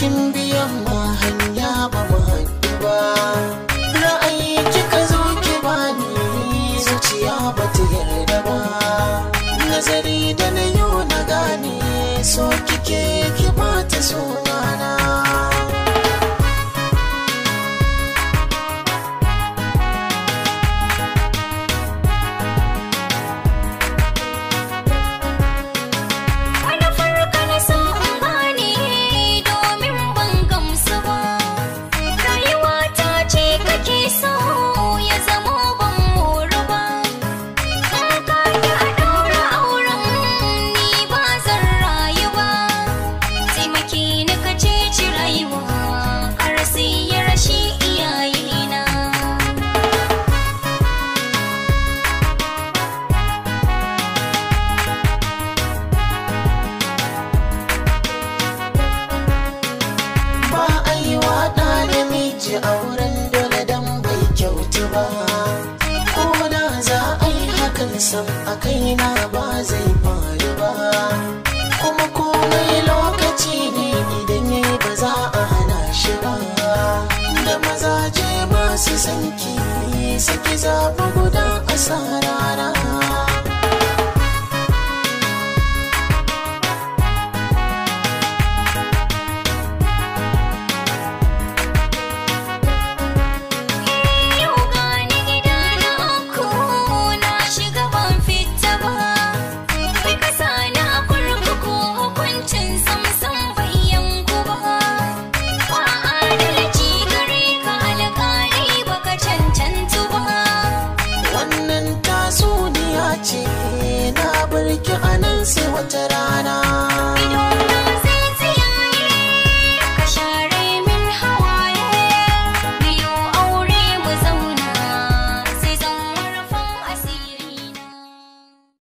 kin biyan ma hanya ba mu ba ra'ayi kika zo ki bani zuciya ba ta ce auren dole dan bai kyautu ba ko da za a yi hakan sam a kaina ba zai faru ba kuma komai lokaci ne idan yayi ba za a hana shi ba da mazaje masu sanki saki zaɓa guda asara ki anan sai wata